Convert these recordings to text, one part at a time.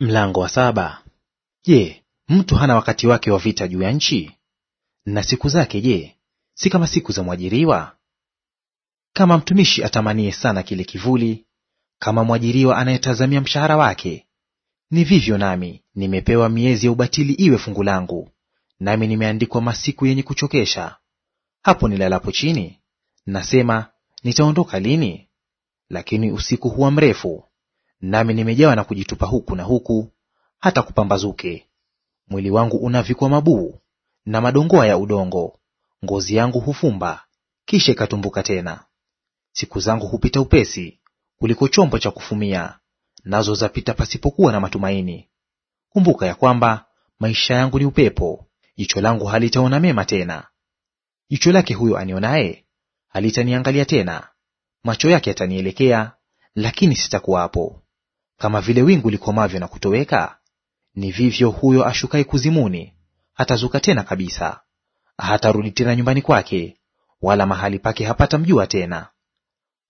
Mlango wa saba. Je, mtu hana wakati wake wa vita juu ya nchi? Na siku zake je, si kama siku za mwajiriwa? Kama mtumishi atamanie sana kile kivuli, kama mwajiriwa anayetazamia mshahara wake, ni vivyo nami nimepewa miezi ya ubatili iwe fungu langu, nami nimeandikwa masiku yenye kuchokesha. Hapo nilalapo chini, nasema nitaondoka lini? Lakini usiku huwa mrefu, nami nimejawa na kujitupa huku na huku hata kupambazuke. Mwili wangu unavikwa mabuu na madongoa ya udongo, ngozi yangu hufumba kisha ikatumbuka tena. Siku zangu hupita upesi kuliko chombo cha kufumia, nazo zapita pasipokuwa na matumaini. Kumbuka ya kwamba maisha yangu ni upepo, jicho langu halitaona mema tena. Jicho lake huyo anionaye halitaniangalia tena, macho yake yatanielekea, lakini sitakuwapo. Kama vile wingu likomavyo na kutoweka, ni vivyo huyo ashukaye kuzimuni hatazuka tena kabisa; hatarudi tena nyumbani kwake, wala mahali pake hapata mjua tena.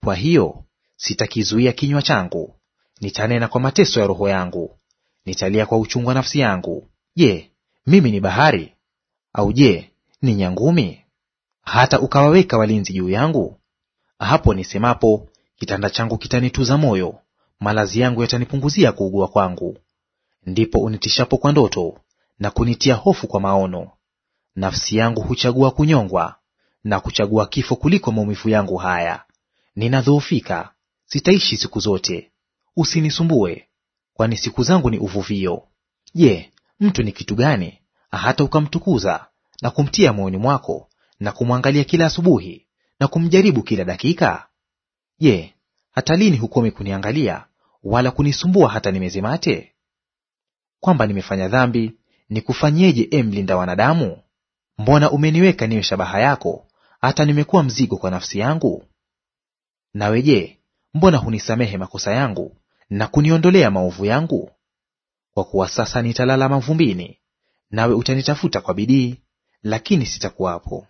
Kwa hiyo sitakizuia kinywa changu, nitanena kwa mateso ya roho yangu, nitalia kwa uchungu wa nafsi yangu. Je, mimi ni bahari? Au je, ni nyangumi, hata ukawaweka walinzi juu yangu? Hapo nisemapo, kitanda changu kitanituza moyo, malazi yangu yatanipunguzia kuugua kwangu. Ndipo unitishapo kwa ndoto na kunitia hofu kwa maono. Nafsi yangu huchagua kunyongwa na kuchagua kifo kuliko maumivu yangu haya. Ninadhoofika, sitaishi siku zote. Usinisumbue, kwani siku zangu ni uvuvio. Je, mtu ni kitu gani hata ukamtukuza na kumtia moyoni mwako na kumwangalia kila asubuhi na kumjaribu kila dakika? Je, hata lini hukome kuniangalia wala kunisumbua hata nimeze mate? Kwamba nimefanya dhambi nikufanyieje, e mlinda wanadamu? Mbona umeniweka niwe shabaha yako, hata nimekuwa mzigo kwa nafsi yangu? Nawe je, mbona hunisamehe makosa yangu na kuniondolea maovu yangu? Kwa kuwa sasa nitalala mavumbini, nawe utanitafuta kwa bidii, lakini sitakuwapo.